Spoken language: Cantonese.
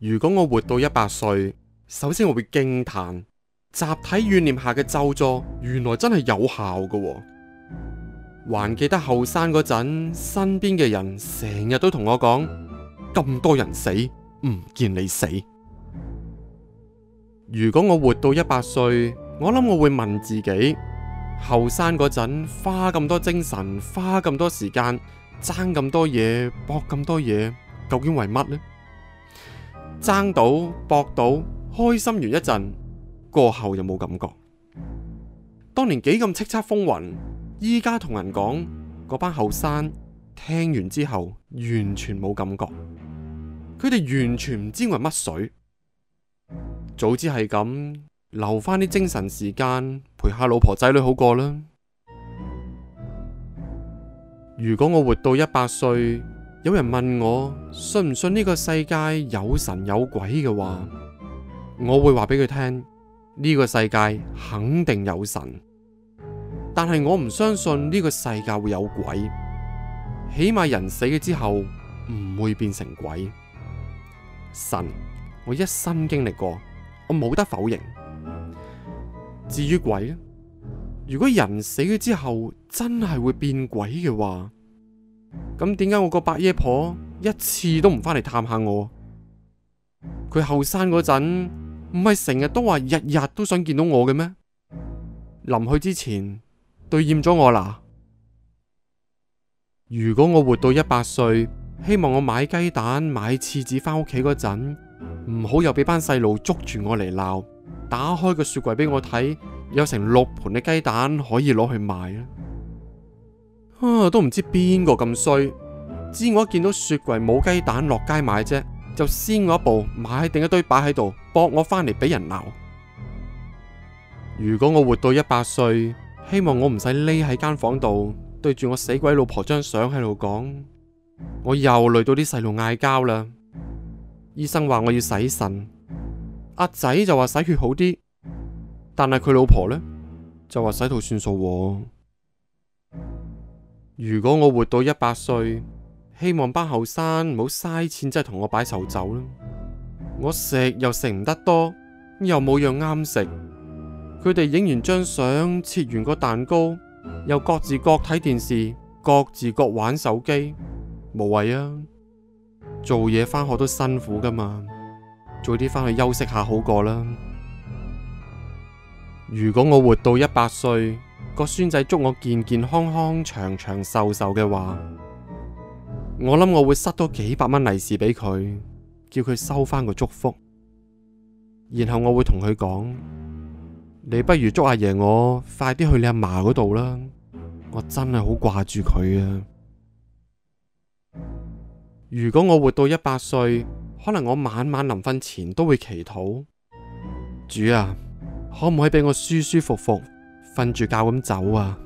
如果我活到一百歲，首先我會驚嘆集體怨念下嘅咒助原來真係有效嘅喎。還記得後生嗰陣，身邊嘅人成日都同我講咁多人死唔見你死。如果我活到一百歲，我諗我會問自己，後生嗰陣花咁多精神，花咁多時間，爭咁多嘢，搏咁多嘢，究竟為乜呢？爭到搏到，開心完一陣，過後又冇感覺。當年幾咁叱咤風雲，依家同人講嗰班後生，聽完之後完全冇感覺。佢哋完全唔知為乜水。早知係咁，留翻啲精神時間陪下老婆仔女好過啦。如果我活到一百歲。有人問我信唔信呢個世界有神有鬼嘅話，我會話俾佢聽：呢個世界肯定有神，但係我唔相信呢個世界會有鬼。起碼人死咗之後唔會變成鬼。神，我一心經歷過，我冇得否認。至於鬼呢？如果人死咗之後真係會變鬼嘅話，咁點解我個伯爺婆一次都唔返嚟探下我？佢後生嗰陣唔係成日都話日日都想見到我嘅咩？臨去之前對厭咗我啦。如果我活到一百歲，希望我買雞蛋買廁紙返屋企嗰陣，唔好又俾班細路捉住我嚟鬧。打開個雪櫃俾我睇，有成六盤嘅雞蛋可以攞去賣啊！啊、都唔知邊個咁衰，知我一見到雪櫃冇雞蛋落街買啫，就先我一步買定一堆擺喺度，博我翻嚟俾人鬧。如果我活到一百歲，希望我唔使匿喺間房度，對住我死鬼老婆張相喺度講。我又累到啲細路嗌交啦。醫生話我要洗腎，阿仔就話洗血好啲，但係佢老婆呢，就話洗肚算數。如果我活到一百歲，希望班後生唔好嘥錢，真係同我擺壽酒啦。我食又食唔得多，又冇樣啱食。佢哋影完張相，切完個蛋糕，又各自各睇電視，各自各玩手機，無謂啊！做嘢返學都辛苦噶嘛，早啲返去休息下好過啦。如果我活到一百歲。個孫仔祝我健健康康、長長壽壽嘅話，我諗我會塞多幾百蚊利是俾佢，叫佢收翻個祝福。然後我會同佢講：你不如祝阿爺我快啲去你阿嫲嗰度啦。我真係好掛住佢啊！如果我活到一百歲，可能我晚晚臨瞓前都會祈禱：主啊，可唔可以俾我舒舒服服？瞓住覺咁走啊！